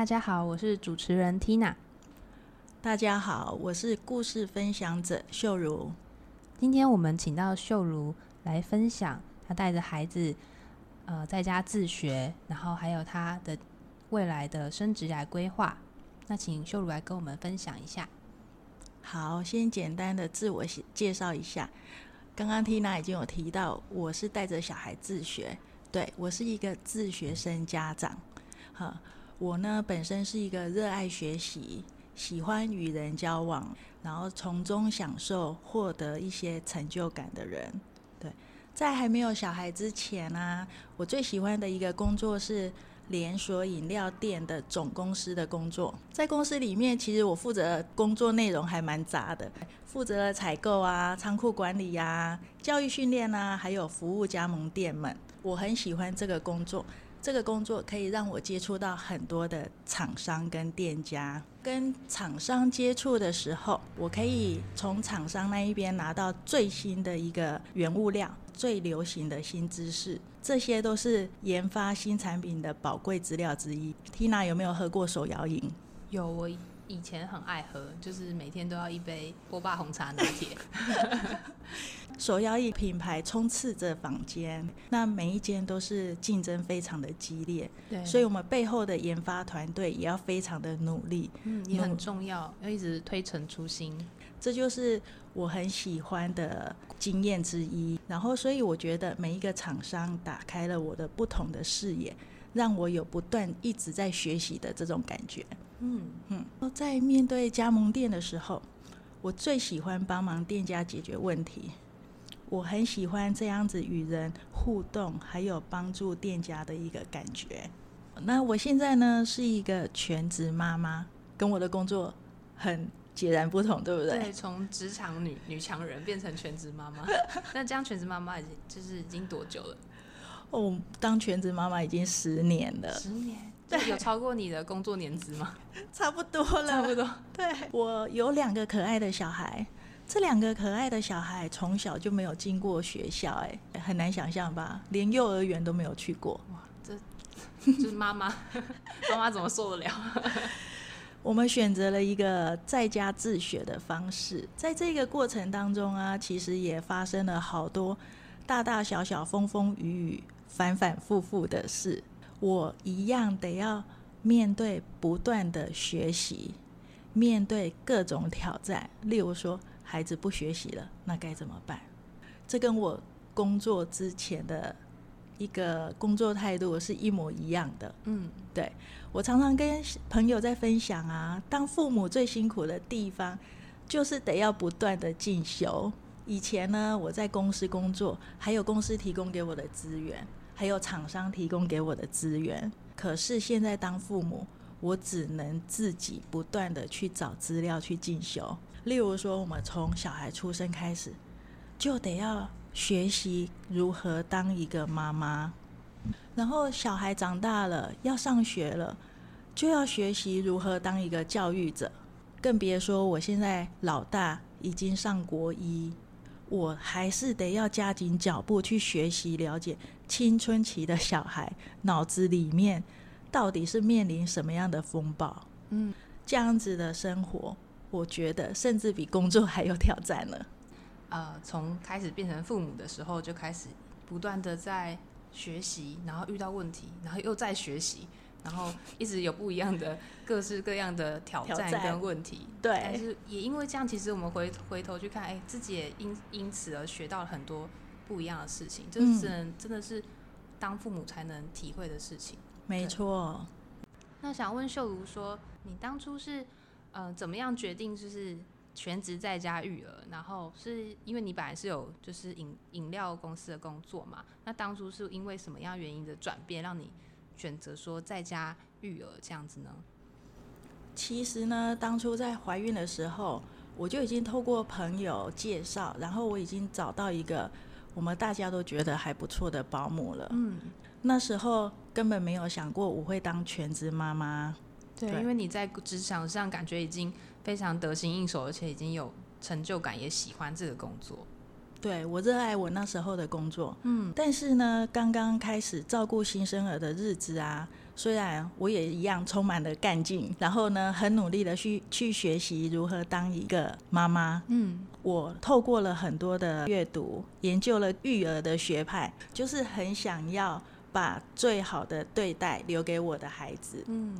大家好，我是主持人 Tina。大家好，我是故事分享者秀如。今天我們請到秀如來分享，她帶着孩子呃在家自學，然後還有她的未來的升職來規劃。那請秀如來跟我們分享一下。好，先簡單的自我介紹一下。剛剛 Tina 已經有提到，我是帶着小孩自學，對我是一個自學生家長。我呢，本身是一個熱愛學習、喜歡與人交往，然後從中享受獲得一些成就感的人。對，在還沒有小孩之前呢、啊，我最喜歡的一個工作是連鎖飲料店的總公司的工作。在公司裡面，其實我負責的工作內容還蠻雜的，負責採購啊、倉庫管理呀、啊、教育訓練啊，還有服務加盟店們。我很喜歡這個工作。這個工作可以讓我接觸到很多的廠商跟店家。跟廠商接觸的時候，我可以從廠商那一邊拿到最新的一個原物料、最流行的新知識，這些都是研發新產品的寶貴資料之一。Tina 有沒有喝過手搖飲？有，以前很愛喝，就是每天都要一杯波霸紅茶拿鐵。手搖飲品牌充斥着坊間，那每一間都是競爭非常的激烈，對，所以我們背後的研發團隊也要非常的努力，嗯，也很重要，為要一直推陳出新，這就是我很喜歡的經驗之一。然後，所以我覺得每一個廠商打開了我的不同的視野，讓我有不斷一直在學習的這種感覺。嗯哼，在面對加盟店的時候，我最喜歡幫忙店家解決問題。我很喜歡這樣子與人互動，還有幫助店家的一個感覺。那我現在呢，是一個全職媽媽，跟我的工作很截然不同，對不對？對，從職場女女強人變成全職媽媽。 那這樣全職媽媽已經就是已經多久了？哦，當全職媽媽已經十年了，十年。對有超過你的工作年資嗎？差不多了。差不多。對，我有兩個可愛的小孩，這兩個可愛的小孩從小就沒有經過學校，哎，很難想象吧？連幼兒園都沒有去過。哇，這就是媽媽，媽媽 怎麼受得了？ 我們選擇了一個在家自學的方式，在這個過程當中啊，其實也發生了好多大大小小、風風雨雨、反反复复的事。我一樣得要面對不斷的學習，面對各種挑戰。例如說，孩子不學習了，那該怎麼辦？這跟我工作之前的一個工作態度是一模一樣的。嗯，對，我常常跟朋友在分享啊，當父母最辛苦的地方，就是得要不斷的進修。以前呢，我在公司工作，還有公司提供給我的資源。還有廠商提供給我的資源，可是現在當父母，我只能自己不斷地去找資料去進修。例如說，我們從小孩出生開始，就得要學習如何當一個媽媽；然後小孩長大了要上學了，就要學習如何當一個教育者。更別說我現在老大已經上國一，我還是得要加緊腳步去學習了解。青春期的小孩腦子裡面到底是面臨什麼樣的風暴？嗯，這樣子的生活，我覺得甚至比工作還有挑戰呢。呃、從開始變成父母的時候，就開始不斷的在學習，然後遇到問題，然後又在學習，然後一直有不一樣的各式各樣的挑戰跟問題。對，但是也因為這樣，其實我們回回頭去看，哎、欸，自己也因因此而學到了很多。不一樣的事情，就是真的是當父母才能體會的事情。沒錯。那想問秀如說，你當初是、呃、怎麼樣決定就是全職在家育兒？然後是因為你本來是有就是飲飲料公司的工作嘛？那當初是因為什麼樣原因的轉變，讓你選擇說在家育兒這樣子呢？其實呢，當初在懷孕的時候，我就已經透過朋友介紹，然後我已經找到一個。我們大家都覺得還不錯的保姆了。嗯，那時候根本沒有想過我會當全職媽媽。對，對，因為你在職場上感覺已經非常得心應手，而且已經有成就感，也喜歡這個工作。對，我熱愛我那時候的工作。嗯，但是呢，剛剛開始照顧新生兒的日子啊。雖然我也一樣充滿了幹勁，然後呢，很努力的去去學習如何當一個媽媽。嗯，我透過了很多的閱讀，研究了育兒的學派，就是很想要把最好的對待留給我的孩子。嗯，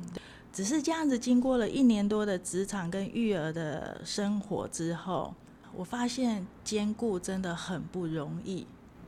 只是這樣子經過了一年多的職場跟育兒的生活之後，我發現兼顧真的很不容易。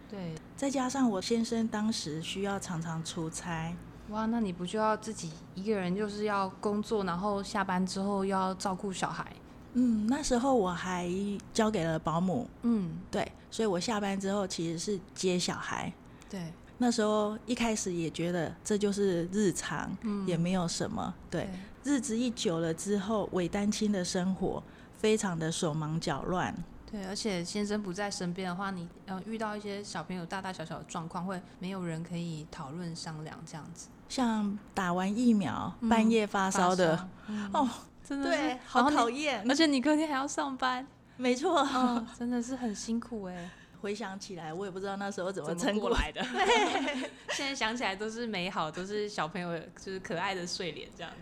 對，再加上我先生當時需要常常出差。哇，那你不就要自己一個人，就是要工作，然後下班之後又要照顧小孩？嗯，那時候我還交給了保姆。嗯，對，所以我下班之後其實是接小孩。對，那時候一開始也覺得這就是日常，嗯，也沒有什麼。對，對日子一久了之後，偽單親的生活非常的手忙腳亂。對，而且先生不在身邊的話，你、呃、遇到一些小朋友大大小小的狀況，會沒有人可以討論商量這樣子。像打完疫苗、嗯、半夜發燒的，燒嗯、哦，真的是對，好討厭，而且你隔天還要上班，沒錯錯、哦，真的是很辛苦哎。 回想起來，我也不知道那時候怎麼撐過來的。 現在想起來都是美好，都是小朋友，就是可愛的睡臉這樣子。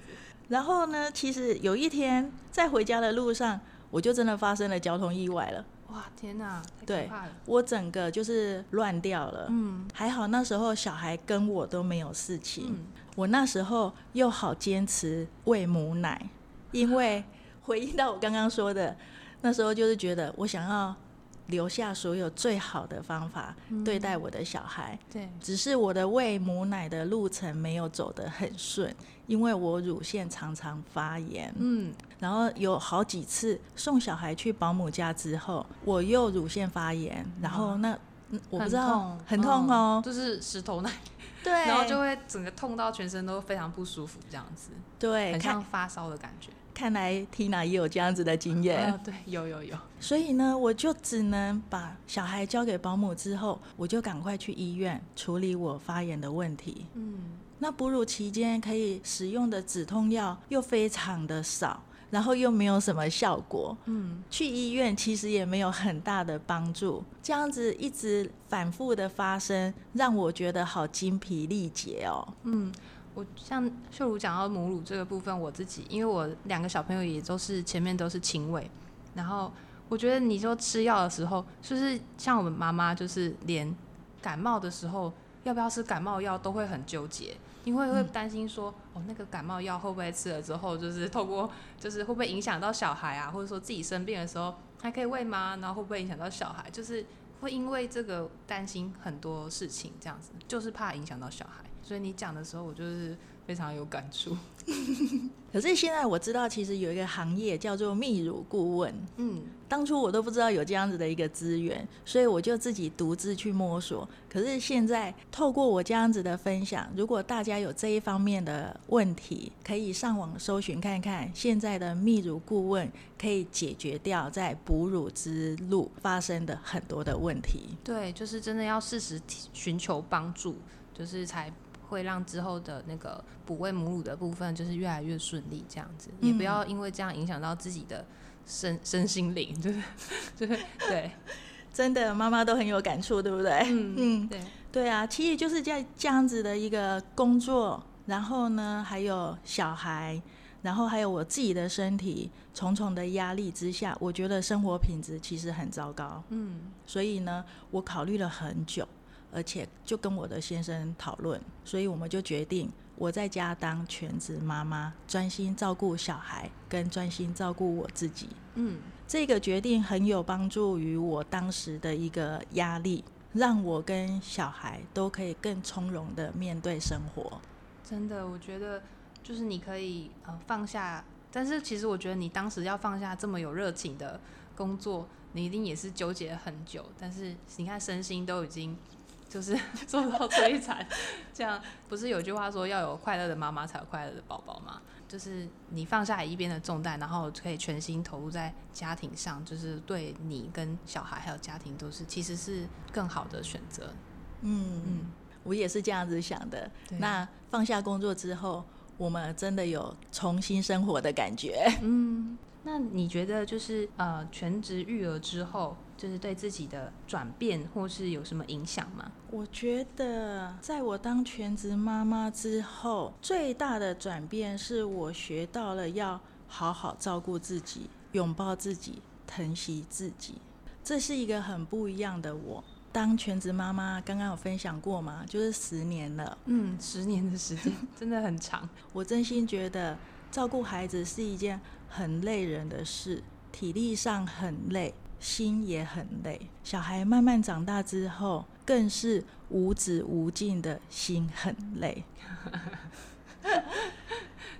然後呢，其實有一天在回家的路上。我就真的發生了交通意外了，哇，天吶，對我整個就是亂掉了，嗯，還好那時候小孩跟我都沒有事情，我那時候又好堅持餵母奶，因為回應到我剛剛說的，那時候就是覺得我想要留下所有最好的方法對待我的小孩，對，只是我的餵母奶的路程沒有走得很順。因為我乳腺常常發炎，嗯，然後有好幾次送小孩去保姆家之後，我又乳腺發炎，嗯、然後那、嗯、我不知道很痛，很痛哦、嗯，就是石頭奶，對， 然後就會整個痛到全身都非常不舒服，這樣子，對，很像發燒的感覺。看，看來 Tina 也有這樣子的經驗，嗯哦、對，有有有。有所以呢，我就只能把小孩交給保姆之後，我就趕快去醫院處理我發炎的問題，嗯。那哺乳期間可以使用的止痛藥又非常的少，然後又沒有什麼效果，嗯，去醫院其實也沒有很大的幫助，這樣子一直反覆的發生，讓我覺得好精疲力竭哦。嗯，我像秀如講到母乳這個部分，我自己因為我兩個小朋友也都是前面都是親餵，然後我覺得你說吃藥的時候，就是像我們媽媽，就是連感冒的時候要不要吃感冒藥都會很糾結。因為會擔心說，哦，那個感冒藥會不會吃了之後，就是透過，就是會不會影響到小孩啊？或者說自己生病的時候還可以餵嗎？然後會不會影響到小孩？就是會因為這個擔心很多事情，這樣子，就是怕影響到小孩。所以你講的時候，我就是。非常有感觸， 可是現在我知道，其實有一個行業叫做泌乳顧問。嗯，當初我都不知道有這樣子的一個資源，所以我就自己獨自去摸索。可是現在透過我這樣子的分享，如果大家有這一方面的問題，可以上網搜尋看看，現在的泌乳顧問可以解決掉在哺乳之路發生的很多的問題。對，就是真的要適時尋求幫助，就是才。會讓之後的那個哺餵母乳的部分就是越來越順利，這樣子，嗯嗯，也不要因為這樣影響到自己的身身心靈，就是對、就是、對，真的媽媽都很有感觸，對不對？嗯，嗯對對啊，其實就是在這樣子的一個工作，然後呢，還有小孩，然後還有我自己的身體，重重的壓力之下，我覺得生活品質其實很糟糕，嗯，所以呢，我考慮了很久。而且就跟我的先生討論，所以我們就決定我在家當全職媽媽，專心照顧小孩跟專心照顧我自己。嗯，這個決定很有幫助於我當時的一個壓力，讓我跟小孩都可以更從容的面對生活。真的，我覺得就是你可以呃放下，但是其實我覺得你當時要放下這麼有熱情的工作，你一定也是糾結了很久。但是你看身心都已經。就是做到摧殘，這樣不是有句話說要有快樂的媽媽才有快樂的寶寶嗎？就是你放下一邊的重擔，然後可以全心投入在家庭上，就是對你跟小孩還有家庭都是，其實是更好的選擇。嗯嗯，嗯我也是這樣子想的。對那放下工作之後，我們真的有重新生活的感覺。嗯。那你覺得就是呃，全職育兒之後，就是對自己的轉變或是有什麼影響嗎？我覺得，在我當全職媽媽之後，最大的轉變是我學到了要好好照顧自己，擁抱自己，疼惜自己。這是一個很不一樣的我。當全職媽媽，剛剛有分享過嗎？就是十年了，嗯，十年的時間真的很長。 我真心覺得。照顧孩子是一件很累人的事，體力上很累，心也很累。小孩慢慢長大之後，更是無止無盡的心很累。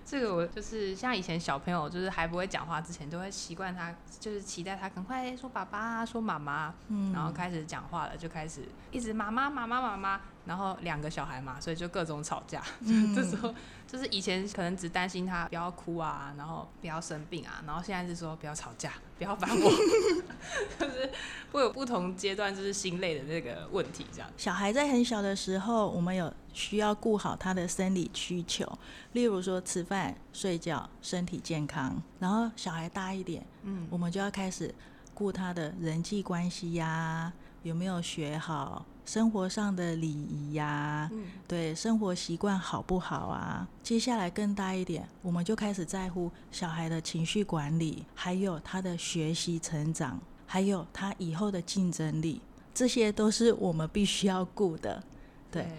這個我就是像以前小朋友，就是還不會講話之前，都會習慣他，就是期待他趕快說爸爸、說媽媽，然後開始講話了，就開始一直媽媽、媽媽、媽媽。然後兩個小孩嘛，所以就各種吵架。這時候就是以前可能只擔心他不要哭啊，然後不要生病啊，然後現在是說不要吵架，不要煩我。 就是會有不同階段就是心累的那個問題這樣。小孩在很小的時候，我們有需要顧好他的生理需求，例如說吃飯、睡覺、身體健康。然後小孩大一點，嗯，我們就要開始顧他的人際關係呀、啊，有沒有學好。生活上的禮儀呀，嗯，對，生活習慣好不好啊？接下來更大一點，我們就開始在乎小孩的情緒管理，還有他的學習成長，還有他以後的競爭力，這些都是我們必須要顧的。對，對，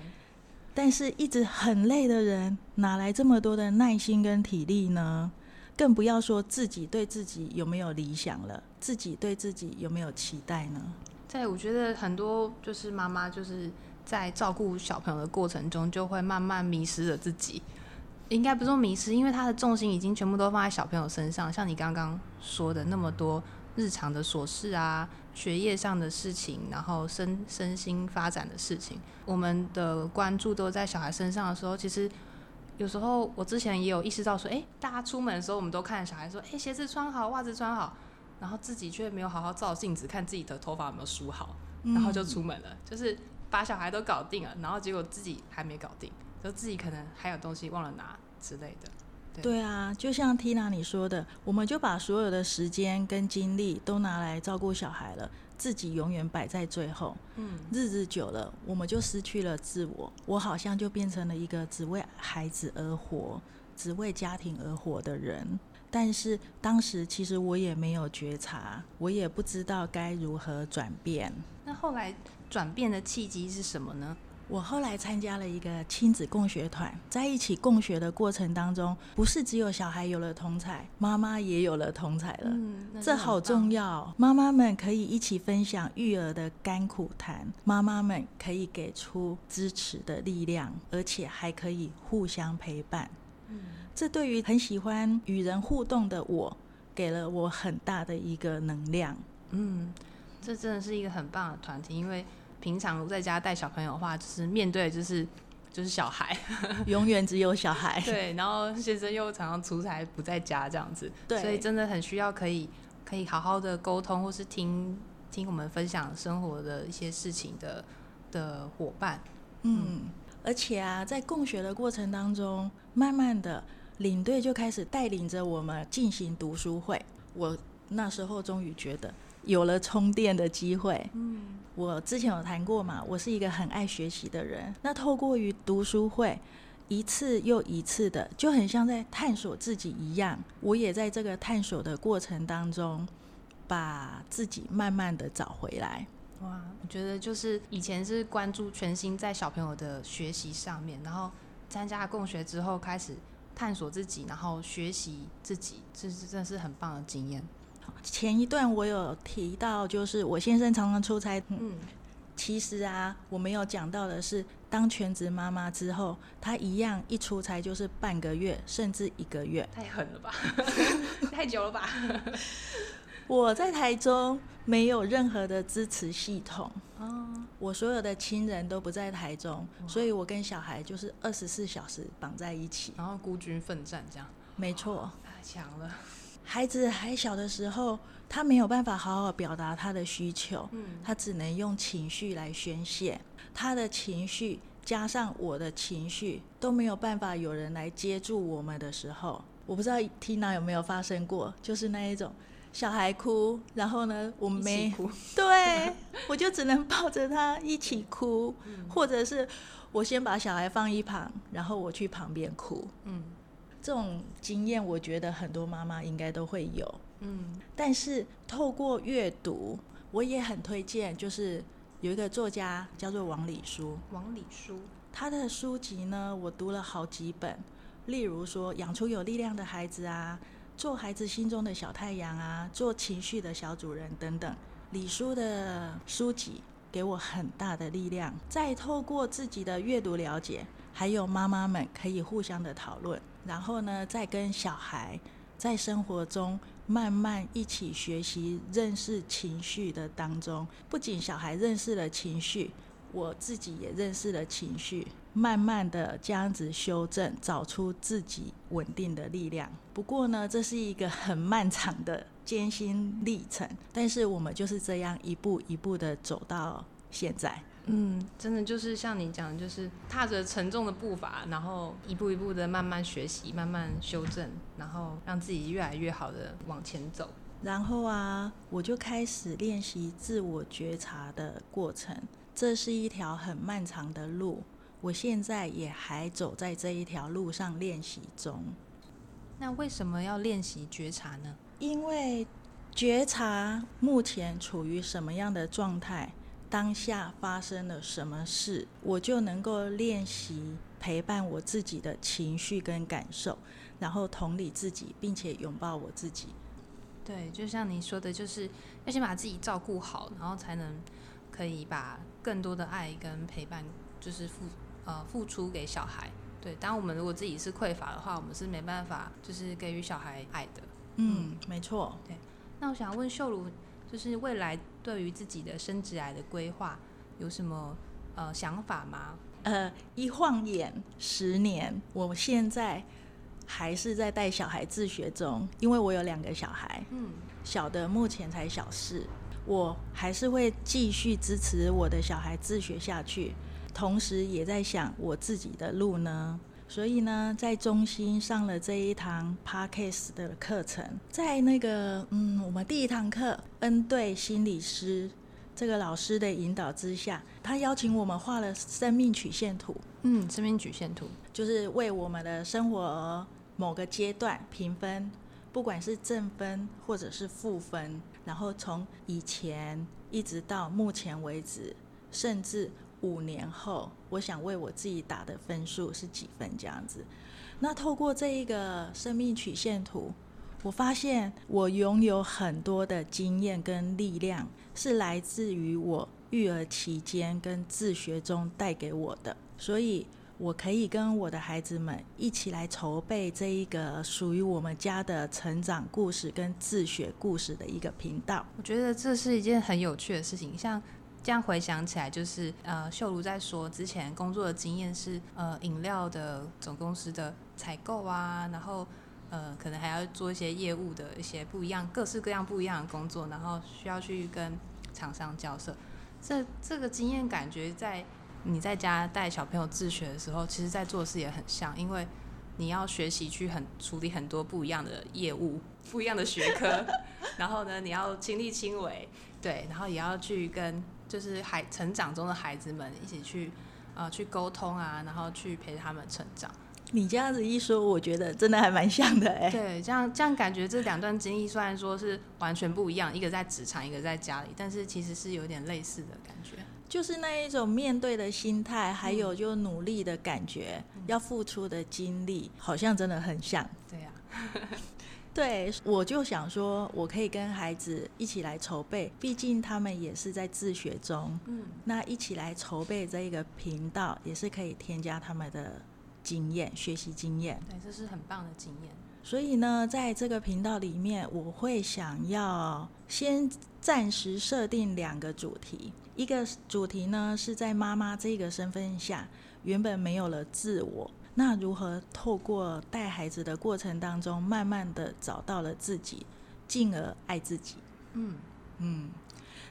但是一直很累的人，哪來這麼多的耐心跟體力呢？更不要說自己對自己有沒有理想了，自己對自己有沒有期待呢？對，我覺得很多就是媽媽，就是在照顧小朋友的過程中，就會慢慢迷失了自己。應該不說迷失，因為他的重心已經全部都放在小朋友身上。像你剛剛說的那麼多日常的瑣事啊，學業上的事情，然後身身心發展的事情，我們的關注都在小孩身上的時候，其實有時候我之前也有意識到說，誒，大家出門的時候，我們都看小孩說，誒，鞋子穿好，襪子穿好。然後自己卻沒有好好照鏡子，看自己的頭髮有沒有梳好，然後就出門了。嗯，就是把小孩都搞定了，然後結果自己還沒搞定，就自己可能還有東西忘了拿之類的。對，對啊，就像 Tina 你說的，我們就把所有的時間跟精力都拿來照顧小孩了，自己永遠擺在最後。嗯，日子久了，我們就失去了自我，我好像就變成了一個只為孩子而活、只為家庭而活的人。但是當時其實我也沒有覺察，我也不知道該如何轉變。那後來轉變的契機是什麼呢？我後來參加了一個親子共學團，在一起共學的過程當中，不是只有小孩有了同儕，媽媽也有了同儕了。嗯，這好重要，媽媽們可以一起分享育兒的甘苦談，媽媽們可以給出支持的力量，而且還可以互相陪伴。這對於很喜歡與人互動的我，給了我很大的一個能量。嗯，這真的是一個很棒的團體，因為平常在家帶小朋友的話，就是面對就是就是小孩，永遠只有小孩。 對，然後先生又常常出差不在家這樣子，對，所以真的很需要可以可以好好的溝通，或是，聽聽我們分享生活的一些事情的的夥伴。嗯。嗯而且啊，在共學的過程當中，慢慢的，領隊就開始帶領着我們進行讀書會。我那時候終於覺得有了充電的機會。嗯，我之前有談過嘛，我是一個很愛學習的人。那透過於讀書會，一次又一次的，就很像在探索自己一樣。我也在這個探索的過程當中，把自己慢慢的找回來。哇，我覺得就是以前是關注全心在小朋友的學習上面，然後參加共學之後開始探索自己，然後學習自己，這是真的是很棒的經驗。前一段我有提到，就是我先生常常出差，嗯，其實啊，我沒有講到的是，當全職媽媽之後，她一樣一出差就是半個月，甚至一個月。太狠了吧， 太久了吧？我在台中。沒有任何的支持系統。哦、我所有的親人都不在台中，哇所以我跟小孩就是二十四小時綁在一起，然後孤軍奮戰這樣。沒錯、哦，太強了。孩子還小的時候，他沒有辦法好好表達他的需求，嗯、他只能用情緒來宣洩。他的情緒加上我的情緒都沒有辦法有人來接住我們的時候，我不知道 Tina 有沒有發生過，就是那一種。小孩哭，然後呢，我沒哭。 對，我就只能抱着他一起哭， 或者是我先把小孩放一旁，然後我去旁邊哭。嗯，這種經驗我覺得很多媽媽應該都會有。嗯，但是透過閱讀，我也很推薦，就是有一個作家叫做王理書，王理書，他的書籍呢，我讀了好幾本，例如說《養出有力量的孩子》啊。做孩子心中的小太陽啊，做情緒的小主人等等。李叔的書籍給我很大的力量。再透過自己的閱讀了解，還有媽媽們可以互相的討論，然後呢，再跟小孩在生活中慢慢一起學習認識情緒的當中，不僅小孩認識了情緒，我自己也認識了情緒。慢慢的這樣子修正，找出自己穩定的力量。不過呢，這是一個很漫長的艱辛歷程。但是我們就是這樣一步一步的走到現在。嗯，真的就是像你講的，就是踏着沉重的步伐，然後一步一步的慢慢學習，慢慢修正，然後讓自己越來越好的往前走。然後啊，我就開始練習自我覺察的過程。這是一條很漫長的路。我現在也還走在這一條路上練習中。那為什麼要練習覺察呢？因為覺察目前處於什麼樣的狀態，當下發生了什麼事，我就能夠練習陪伴我自己的情緒跟感受，然後同理自己，並且擁抱我自己。對，就像你說的，就是要先把自己照顧好，然後才能可以把更多的愛跟陪伴，就是付。呃，付出給小孩，對。當我們如果自己是匱乏的話，我們是沒辦法，就是給予小孩愛的。嗯，嗯，沒錯。對。那我想問秀如，就是未來對於自己的生涯的規劃，有什麼呃想法嗎？呃，一晃眼十年，我現在還是在帶小孩自學中，因為我有兩個小孩，嗯，小的目前才小四，我還是會繼續支持我的小孩自學下去。同時也在想我自己的路呢，所以呢，在中心上了這一堂 Parks 的課程，在那個嗯，我們第一堂課恩對心理師這個老師的引導之下，他邀請我們畫了生命曲線圖。嗯，生命曲線圖就是為我們的生活而某個階段評分，不管是正分或者是負分，然後從以前一直到目前為止，甚至。五年後，我想為我自己打的分數是幾分？這樣子，那透過這一個生命曲線圖，我發現我擁有很多的經驗跟力量，是來自於我育兒期間跟自學中帶給我的。所以，我可以跟我的孩子們一起來籌備這一個屬於我們家的成長故事跟自學故事的一個頻道。我覺得這是一件很有趣的事情，像。這樣回想起來，就是呃，秀如在說之前工作的經驗是呃，飲料的總公司的採購啊，然後呃，可能還要做一些業務的一些不一樣、各式各樣不一樣的工作，然後需要去跟廠商交涉。這這個經驗感覺在你在家帶小朋友自學的時候，其實在做事也很像，因為你要學習去很處理很多不一樣的業務、不一樣的學科，然後呢，你要親力親為，對，然後也要去跟。就是孩成長中的孩子們一起去，啊、呃，去溝通啊，然後去陪他們成長。你這樣子一說，我覺得真的還蠻像的哎、欸。對，這樣這樣感覺這兩段經歷雖然說是完全不一樣，一個在職場，一個在家裡，但是其實是有點類似的感覺。就是那一種面對的心態，還有就努力的感覺，嗯、要付出的精力，好像真的很像。對啊。 對，我就想說，我可以跟孩子一起來籌備，畢竟他們也是在自學中。嗯，那一起來籌備這一個頻道，也是可以添加他們的經驗、學習經驗。對，這是很棒的經驗。所以呢，在這個頻道裡面，我會想要先暫時設定兩個主題，一個主題呢是在媽媽這個身份下，原本沒有了自我。那如何透過帶孩子的過程當中，慢慢的找到了自己，進而愛自己？嗯嗯。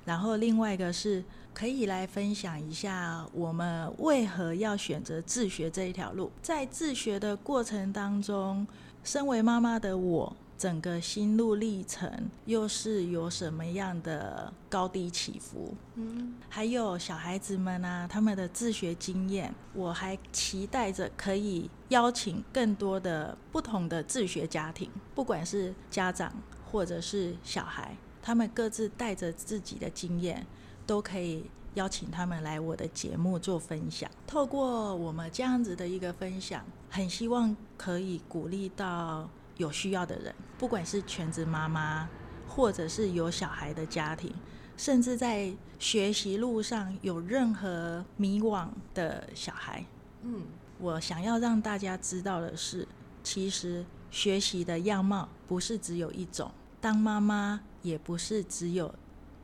然後另外一個是，可以來分享一下我們為何要選擇自學這一條路？在自學的過程當中，身為媽媽的我。整個心路歷程又是有什麼樣的高低起伏？嗯，還有小孩子們啊，他們的自學經驗，我還期待着可以邀請更多的不同的自學家庭，不管是家長或者是小孩，他們各自帶着自己的經驗，都可以邀請他們來我的節目做分享。透過我們這樣子的一個分享，很希望可以鼓勵到。有需要的人，不管是全職媽媽，或者是有小孩的家庭，甚至在學習路上有任何迷惘的小孩，嗯，我想要讓大家知道的是，其實學習的樣貌不是只有一種，當媽媽也不是只有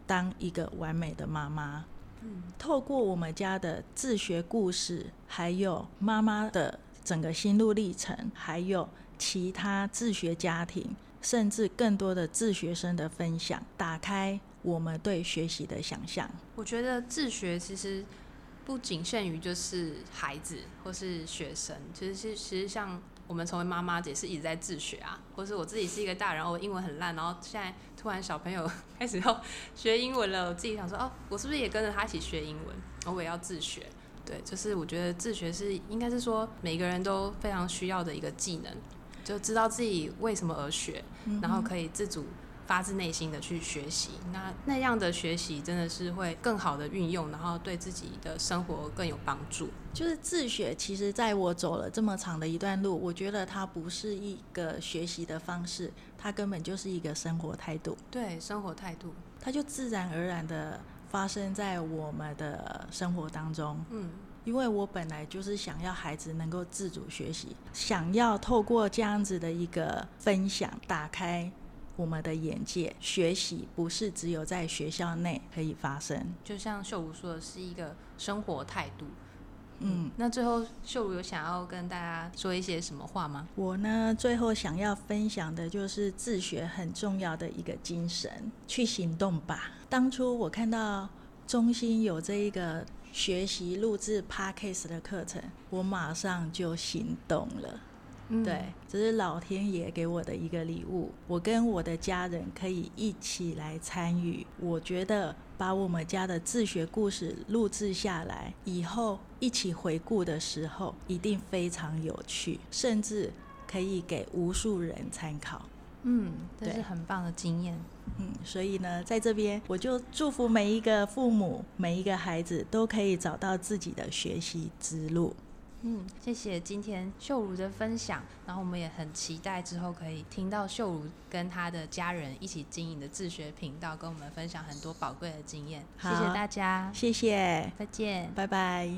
當一個完美的媽媽。嗯，透過我們家的自學故事，還有媽媽的整個心路歷程，還有。其他自學家庭，甚至更多的自學生的分享，打開我們對學習的想象。我覺得自學其實不僅限於就是孩子或是學生，其實其實其實像我們成為媽媽也是一直在自學啊，或是我自己是一個大人，我英文很爛，然後現在突然小朋友開始要學英文了，我自己想說哦，我是不是也跟着他一起學英文？然後我也要自學。對，就是我覺得自學是應該是說每個人都非常需要的一個技能。就知道自己為什麼而學，嗯、哼然後可以自主、發自內心的去學習。那那樣的學習真的是會更好的運用，然後對自己的生活更有幫助。就是自學，其實在我走了這麼長的一段路，我覺得它不是一個學習的方式，它根本就是一個生活態度。對，生活態度，它就自然而然的發生在我們的生活當中。嗯。因為我本來就是想要孩子能夠自主學習，想要透過這樣子的一個分享，打開我們的眼界。學習不是只有在學校內可以發生，就像秀如說的是一個生活態度。嗯，那最後秀如有想要跟大家說一些什麼話嗎？我呢，最後想要分享的就是自學很重要的一個精神，去行動吧。當初我看到中心有這一個。學習錄製 Podcast 的課程，我馬上就行動了。嗯、對，這是老天爺給我的一個禮物。我跟我的家人可以一起來參與。我覺得把我們家的自學故事錄製下來，以後一起回顧的時候，一定非常有趣，甚至可以給無數人參考。嗯，這是很棒的經驗。嗯，所以呢，在這邊我就祝福每一個父母、每一個孩子都可以找到自己的學習之路。嗯，謝謝今天秀如的分享，然後我們也很期待之後可以聽到秀如跟他的家人一起經營的自學頻道，跟我們分享很多寶貴的經驗。好謝謝大家，謝謝，再見，拜拜。